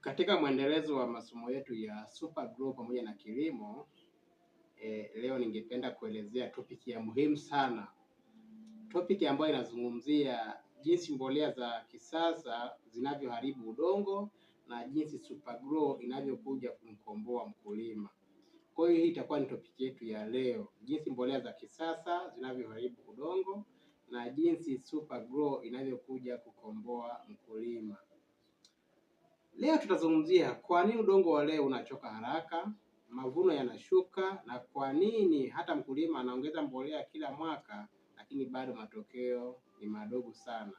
Katika mwendelezo wa masomo yetu ya SuperGLUE pamoja na kilimo e, leo ningependa kuelezea topiki ya muhimu sana, topiki ambayo inazungumzia jinsi mbolea za kisasa zinavyoharibu udongo na jinsi Grow inavyokuja kumkomboa mkulima. Kwa hiyo hii itakuwa ni topiki yetu ya leo, jinsi mbolea za kisasa zinavyoharibu udongo na jinsi Grow inavyokuja kukomboa mkulima. Leo tutazungumzia kwa nini udongo wa leo unachoka haraka, mavuno yanashuka, na kwa nini hata mkulima anaongeza mbolea kila mwaka lakini bado matokeo ni madogo sana.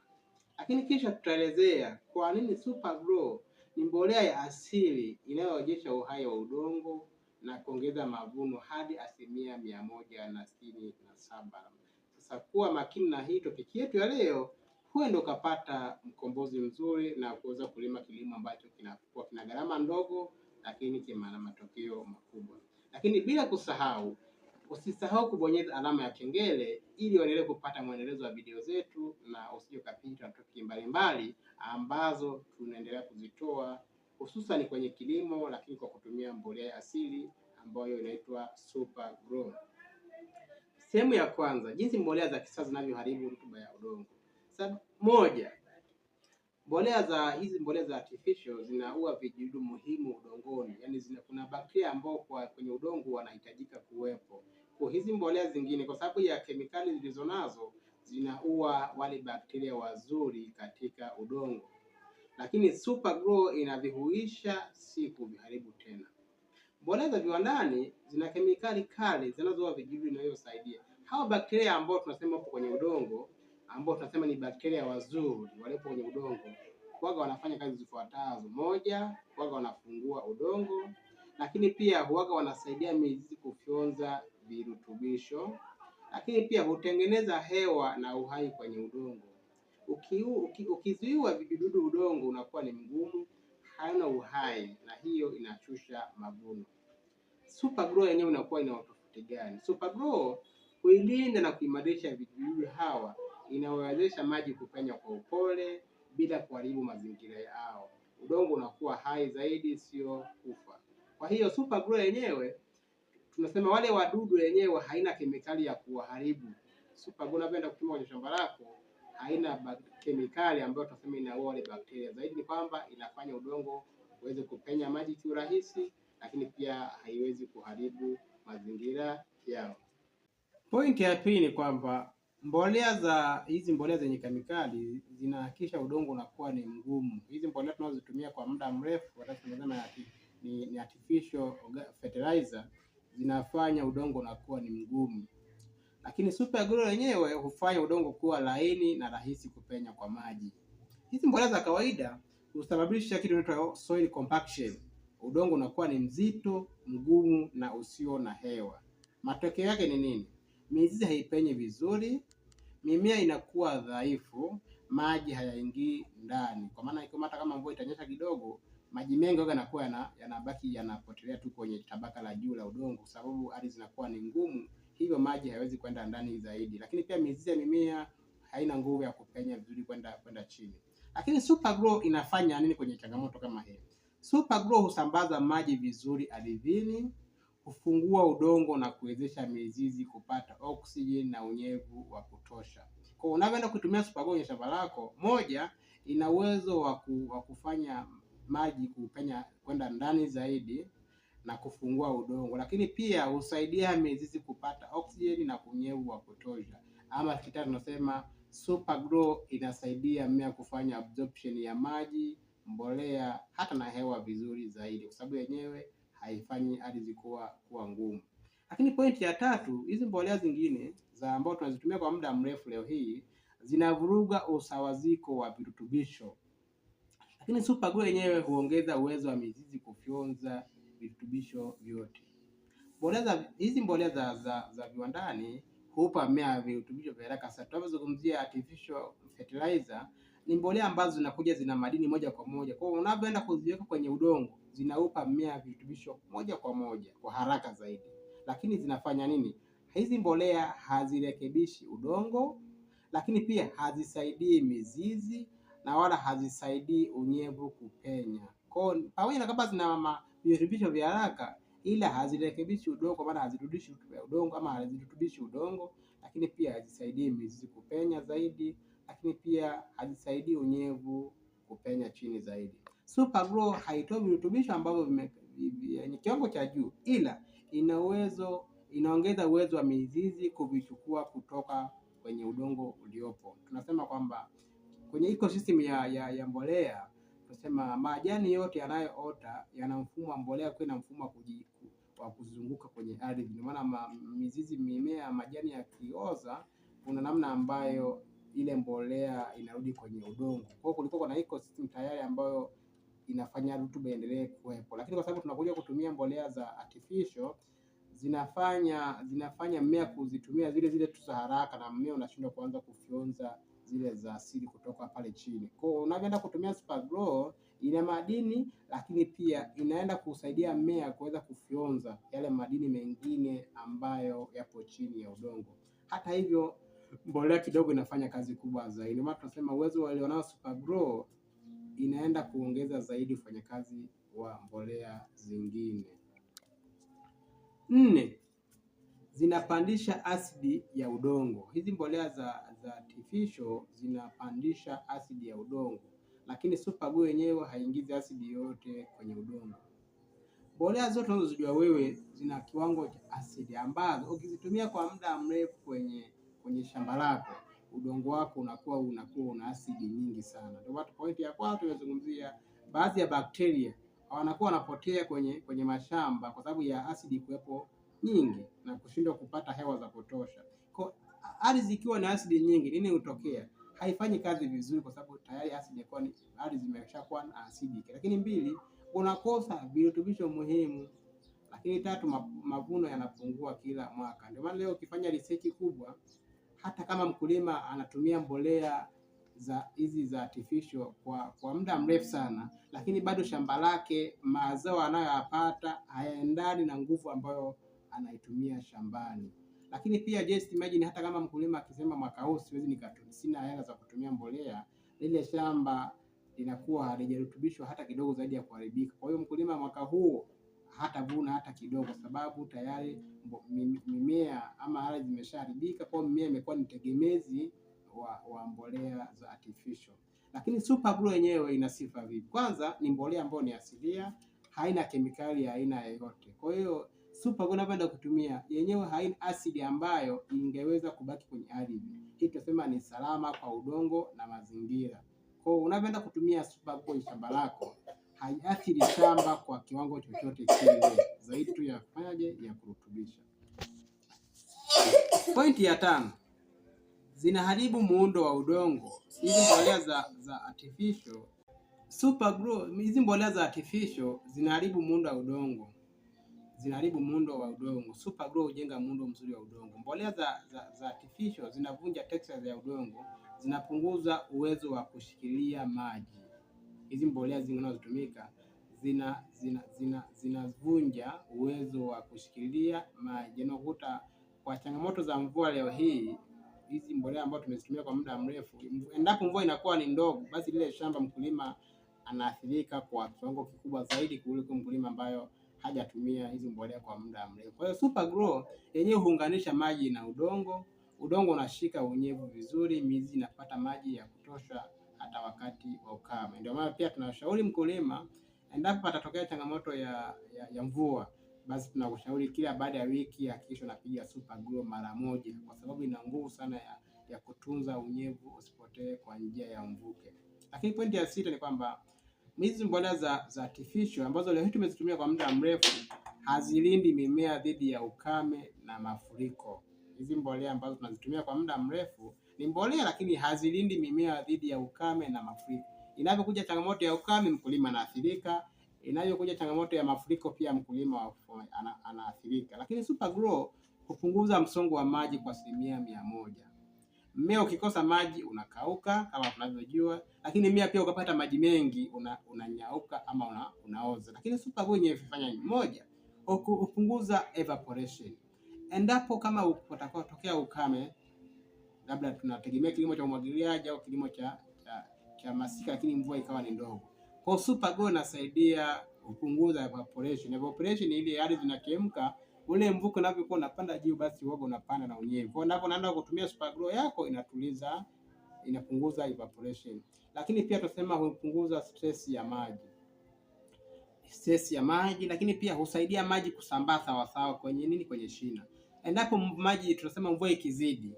Lakini kisha tutaelezea kwa nini Super Grow ni mbolea ya asili inayoonyesha uhai wa udongo na kuongeza mavuno hadi asilimia mia moja na sitini na saba. Sasa kuwa makini na hii topiki yetu ya leo huenda ukapata mkombozi mzuri na kuweza kulima kilimo ambacho kinakuwa kina gharama ndogo, lakini kina matokeo makubwa. Lakini bila kusahau, usisahau kubonyeza alama ya kengele ili uendelee kupata mwendelezo wa video zetu na usije ukapitwa na mbalimbali ambazo tunaendelea kuzitoa hususan kwenye kilimo, lakini kwa kutumia mbolea ya asili ambayo inaitwa Super Grow. Sehemu ya kwanza, jinsi mbolea za kisasa zinavyoharibu rutuba ya udongo tano moja. Mbolea za hizi mbolea za artificial zinaua vijidudu muhimu udongoni, yani zina, kuna bakteria ambao kwa kwenye udongo wanahitajika kuwepo kwa hizi mbolea zingine, kwa sababu ya kemikali zilizonazo zinaua wale bakteria wazuri katika udongo. Lakini Super Grow inavihuisha, si kuviharibu tena. Mbolea za viwandani zina kemikali kali zinazoua vijidudu inayosaidia hawa bakteria ambao tunasema kwenye udongo ambao tunasema ni bakteria wazuri waliopo kwenye udongo, huwaga wanafanya kazi zifuatazo. Moja, huwaga wanafungua udongo, lakini pia huwaga wanasaidia mizizi kufyonza virutubisho, lakini pia hutengeneza hewa na uhai kwenye udongo. Ukizuiwa vijidudu, udongo unakuwa ni mgumu, haina uhai, na hiyo inachusha mavuno. grow yenyewe inakuwa ina utofauti gani? grow huilinda na kuimarisha vijidudu hawa inayowezesha maji kupenya kwa upole bila kuharibu mazingira yao. Udongo unakuwa hai zaidi, sio kufa. Kwa hiyo super grow yenyewe tunasema wale wadudu wenyewe haina kemikali ya kuwaharibu. Super grow unavyoenda kutumia kwenye shamba lako haina kemikali ambayo tunasema inaua wale bakteria. Zaidi ni kwamba inafanya udongo uweze kupenya maji kiurahisi, lakini pia haiwezi kuharibu mazingira yao. Pointi ya pili ni kwamba Mbolea za hizi mbolea zenye kemikali zinahakikisha udongo unakuwa ni mgumu. Hizi mbolea tunazozitumia kwa muda mrefu, tunasema ni, ni artificial fertilizer zinafanya udongo unakuwa ni mgumu, lakini Super glue lenyewe hufanya udongo kuwa laini na rahisi kupenya kwa maji. Hizi mbolea za kawaida husababisha kitu kinaitwa soil compaction, udongo unakuwa ni mzito, mgumu na usio na hewa. Matokeo yake ni nini? mizizi haipenyi vizuri, mimea inakuwa dhaifu, maji hayaingii ndani, kwa maana iko hata kama mvua itanyesha kidogo, maji mengi huwa yanakuwa yanabaki yanapotelea tu kwenye tabaka la juu la udongo, sababu ardhi zinakuwa ni ngumu, hivyo maji hayawezi kwenda ndani zaidi. Lakini pia mizizi ya mimea haina nguvu ya kupenya vizuri kwenda kwenda chini. Lakini Super Grow inafanya nini kwenye changamoto kama hii? Super Grow husambaza maji vizuri ardhini hufungua udongo na kuwezesha mizizi kupata oksijeni na unyevu wa kutosha. Kwa hiyo unavyoenda kutumia Super Glue kwenye shamba lako, moja, ina uwezo wa kufanya maji kupenya kwenda ndani zaidi na kufungua udongo, lakini pia husaidia mizizi kupata oksijeni na unyevu wa kutosha, ama kitana tunasema Super inasaidia mmea kufanya absorption ya maji, mbolea, hata na hewa vizuri zaidi, kwa sababu yenyewe haifanyi ardhi kuwa kuwa ngumu. Lakini pointi ya tatu, hizi mbolea zingine za ambao tunazitumia kwa muda mrefu leo hii zinavuruga usawaziko wa virutubisho. Lakini super glue yenyewe huongeza uwezo wa mizizi kufyonza virutubisho vyote. Mbolea za hizi mbolea za, za, za viwandani huupa mmea virutubisho vya haraka sana. Tunapozungumzia artificial fertilizer ni mbolea ambazo zinakuja zina madini moja kwa moja. Kwa hiyo unavyoenda kuziweka kwenye udongo zinaupa mmea virutubisho moja kwa moja kwa haraka zaidi. Lakini zinafanya nini? Hizi mbolea hazirekebishi udongo, lakini pia hazisaidii mizizi na wala hazisaidii unyevu kupenya. Kwa pamoja na kama zina virutubisho vya haraka, ila hazirekebishi udongo, maana hazirudishi udongo ama hazirutubishi udongo, lakini pia hazisaidii mizizi kupenya zaidi, lakini pia hazisaidii unyevu kupenya chini zaidi. Super Grow haitoi virutubisho ambavyo vyenye kiwango cha juu, ila ina uwezo, inaongeza uwezo wa mizizi kuvichukua kutoka kwenye udongo uliopo. Tunasema kwamba kwenye ecosystem ya, ya, ya mbolea tunasema majani yote yanayoota yana mfumo wa mbolea kwa na mfumo wa kuzunguka kwenye ardhi. Ndio maana ma, mizizi mimea majani yakioza, kuna namna ambayo ile mbolea inarudi kwenye udongo. Kwa hiyo kulikuwa kuna ecosystem tayari ambayo inafanya rutuba iendelee kuwepo, lakini kwa sababu tunakuja kutumia mbolea za artificial zinafanya zinafanya mmea kuzitumia zile zile tu za haraka, na mmea unashindwa kuanza kufyonza zile za asili kutoka pale chini. Kwa hiyo unavyoenda kutumia Super Grow ina madini, lakini pia inaenda kusaidia mmea kuweza kufyonza yale madini mengine ambayo yapo chini ya udongo. Hata hivyo mbolea kidogo inafanya kazi kubwa zaidi, maana tunasema uwezo walionao Super Grow inaenda kuongeza zaidi ufanyakazi wa mbolea zingine. Nne, zinapandisha asidi ya udongo. Hizi mbolea za, za artificial zinapandisha asidi ya udongo, lakini Super Glue yenyewe haingizi asidi yoyote kwenye udongo. Mbolea zote unazojua wewe zina kiwango cha asidi ambazo ukizitumia kwa muda mrefu kwenye kwenye shamba lako udongo wako unakuwa unakuwa una asidi nyingi sana. Ndio watu, point ya kwanza tumezungumzia baadhi ya bakteria wanakuwa wanapotea kwenye kwenye mashamba kwa sababu ya asidi kuwepo nyingi na kushindwa kupata hewa za kutosha. Kwa ardhi ikiwa na asidi nyingi, nini hutokea? Haifanyi kazi vizuri, kwa sababu tayari asidi kwa ardhi zimeshakuwa na asidi. Lakini mbili, unakosa virutubisho muhimu. Lakini tatu, mavuno yanapungua kila mwaka. Ndio maana leo ukifanya research kubwa hata kama mkulima anatumia mbolea za hizi za artificial kwa kwa muda mrefu sana, lakini bado shamba lake mazao anayoyapata hayaendani na nguvu ambayo anaitumia shambani. Lakini pia just imagine, hata kama mkulima akisema mwaka huu siwezi nikatumia, sina hela za kutumia mbolea, lile shamba linakuwa halijarutubishwa hata kidogo, zaidi ya kuharibika. Kwa hiyo mkulima mwaka huu hatavuna hata kidogo, sababu tayari mimea ama ardhi imeshaharibika. Kwa hiyo mimea imekuwa ni tegemezi wa, wa mbolea za artificial. Lakini Super glue yenyewe ina sifa vipi? Kwanza ni mbolea ambayo ni asilia, haina kemikali ya aina yoyote. Kwa hiyo Super glue unapenda kutumia yenyewe, haina asidi ambayo ingeweza kubaki kwenye ardhi. Hii tunasema ni salama kwa udongo na mazingira. Kwa hiyo unapenda kutumia Super glue kwenye shamba lako haiathiri shamba kwa kiwango chochote kile, zaidi tu ya ya kurutubisha. Pointi ya tano, zinaharibu muundo wa udongo. Hizi mbolea za, za artificial super grow, hizi mbolea za artificial zinaharibu muundo wa udongo, zinaharibu muundo wa udongo. Super grow hujenga muundo mzuri wa udongo. Mbolea za, za, za artificial zinavunja texture ya udongo, zinapunguza uwezo wa kushikilia maji hizi mbolea zinazotumika zina zinavunja zina, zina uwezo wa kushikilia maji yanayovuta kwa changamoto za mvua. Leo hii hizi mbolea ambazo tumezitumia kwa muda mrefu, endapo mvua inakuwa ni ndogo, basi lile shamba mkulima anaathirika kwa kiwango kikubwa zaidi kuliko mkulima ambayo hajatumia hizi mbolea kwa muda mrefu. Kwa hiyo Super Grow yenyewe huunganisha maji na udongo, udongo unashika unyevu vizuri, mizizi inapata maji ya kutosha hata wakati wa ukame. Ndio maana pia tunashauri mkulima, endapo patatokea changamoto ya, ya, ya mvua, basi tunakushauri kila baada ya wiki hakikisha unapiga super glue mara moja, kwa sababu ina nguvu sana ya, ya kutunza unyevu usipotee kwa njia ya mvuke. Lakini pointi ya sita ni kwamba hizi mbolea za, za artificial ambazo leo tumezitumia kwa muda mrefu hazilindi mimea dhidi ya ukame na mafuriko. Hizi mbolea ambazo tunazitumia kwa muda mrefu ni mbolea, lakini hazilindi mimea dhidi ya ukame na mafuriko. Inavyokuja changamoto ya ukame, mkulima anaathirika. Inavyokuja changamoto ya mafuriko, pia mkulima anaathirika. Lakini Super Grow hupunguza msongo wa maji kwa asilimia mia moja. Mmea ukikosa maji unakauka kama tunavyojua, lakini mmea pia ukapata maji mengi unanyauka una ama una, unaoza. Lakini Super Grow yenyewe ifanya moja, hupunguza evaporation endapo kama utakotokea ukame labda tunategemea kilimo cha umwagiliaji au kilimo cha, cha, cha masika, lakini mvua ikawa ni ndogo. Kwa Super Go nasaidia kupunguza evaporation. Evaporation ile ardhi inachemka, ule mvuke unavyokuwa unapanda juu, basi uoga unapanda na unyevu. Kwa hivyo unaanza kutumia Super grow yako inatuliza, inapunguza evaporation. Lakini pia tunasema hupunguza stress ya maji stress ya maji, lakini pia husaidia maji kusambaa sawa kwenye nini, kwenye shina. Endapo maji tunasema mvua ikizidi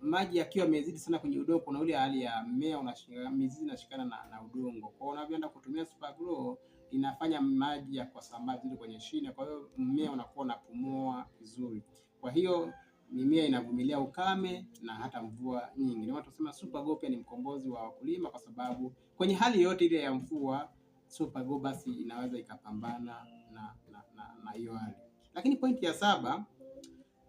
maji yakiwa yamezidi sana kwenye udongo, kuna ule hali ya mmea unashika mizizi inashikana na, na udongo. Kwa hiyo unavyoenda kutumia super grow inafanya maji ya kusambaa vizuri kwenye shina, kwa hiyo mmea unakuwa unapumua vizuri. Kwa hiyo mimea inavumilia ukame na hata mvua nyingi. Ndio tunasema super grow pia ni mkombozi wa wakulima, kwa sababu kwenye hali yote ile ya mvua super grow basi inaweza ikapambana na na hiyo na, na hali. Lakini pointi ya saba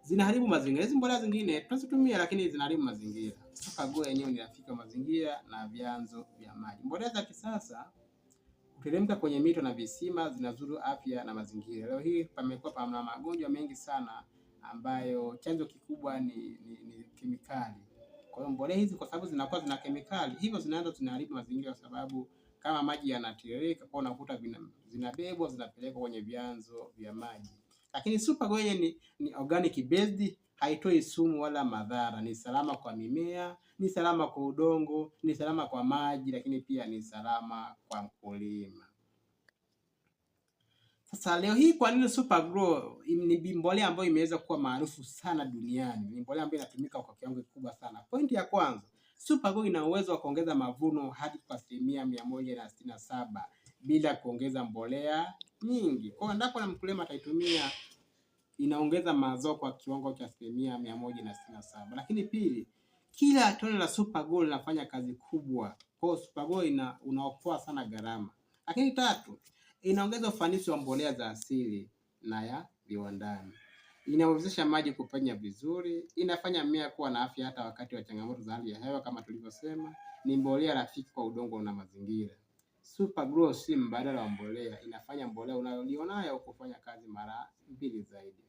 zinaharibu mazingira. Hizi mbolea zingine tunazitumia, lakini zinaharibu mazingira. Kagoe yenyewe ni rafiki wa mazingira na vyanzo vya maji. Mbolea za kisasa kuteremka kwenye mito na visima zinazuru afya na mazingira. Leo hii pamekuwa pana magonjwa mengi sana ambayo chanzo kikubwa ni, ni, ni kemikali. Kwa hiyo mbolea hizi kwa sababu zinakuwa zina kemikali, hivyo zinaanza zinaharibu mazingira, kwa sababu kama maji yanatiririka, kwa unakuta zinabebwa zinapelekwa kwenye vyanzo vya maji. Lakini super goje ni, ni organic based, haitoi sumu wala madhara, ni salama kwa mimea, ni salama kwa udongo, ni salama kwa maji, lakini pia ni salama kwa mkulima. Sasa leo hii kwa nini Super Grow ni mbolea ambayo imeweza kuwa maarufu sana duniani? Ni mbolea ambayo inatumika kwa kiwango kikubwa sana. Pointi ya kwanza, Super Grow ina uwezo wa kuongeza mavuno hadi kwa asilimia mia moja na sitini na saba bila kuongeza mbolea nyingi. Kwa hiyo endapo na mkulima ataitumia inaongeza mazao kwa kiwango cha asilimia mia moja na sitini na saba. Lakini pili, kila tone la Super Gold linafanya kazi kubwa, kwa hiyo Super Gold ina unaokoa sana gharama. Lakini tatu, inaongeza ufanisi wa mbolea za asili na ya viwandani, inawezesha maji kupenya vizuri, inafanya mmea kuwa na afya hata wakati wa changamoto za hali ya hewa. Kama tulivyosema, ni mbolea rafiki kwa udongo na mazingira. Super Glue si mbadala wa mbolea, inafanya mbolea unayolionayo kufanya kazi mara mbili zaidi.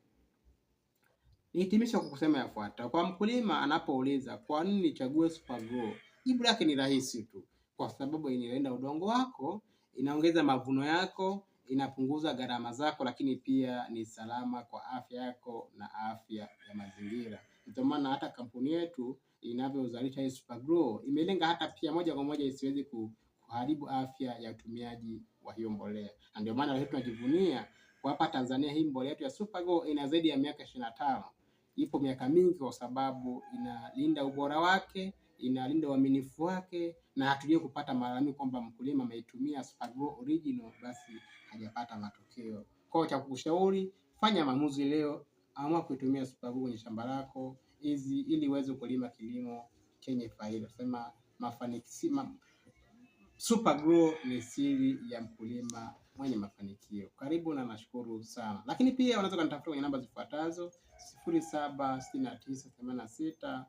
Nihitimisha kwa kusema yafuatayo. Kwa mkulima anapouliza kwa nini nichague Super Glue, jibu lake ni rahisi tu, kwa sababu inalinda udongo wako, inaongeza mavuno yako, inapunguza gharama zako, lakini pia ni salama kwa afya yako na afya ya mazingira. Ndio maana hata kampuni yetu inavyozalisha hii Super Glue imelenga hata pia moja kwa moja isiwezi ku kuharibu afya ya utumiaji wa hiyo mbolea, na ndio maana leo tunajivunia kwa hapa Tanzania hii mbolea yetu ya Supergo ina zaidi ya miaka ishirini na tano, ipo miaka mingi kwa sababu inalinda ubora wake, inalinda uaminifu wake, na hatujui kupata malalamiko kwamba mkulima ameitumia Supergo original basi hajapata matokeo. Kwa hiyo cha kukushauri, fanya maamuzi leo, amua kuitumia Supergo kwenye shamba lako hizi ili uweze kulima kilimo chenye faida, sema mafanikio Supergrow ni siri ya mkulima mwenye mafanikio. Karibu na nashukuru sana. Lakini pia unaweza kunitafuta kwenye namba zifuatazo: 0769865074.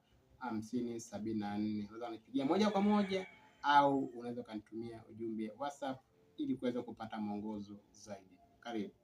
Unaweza kunipigia moja kwa moja au unaweza kunitumia ujumbe WhatsApp ili kuweza kupata mwongozo zaidi. Karibu.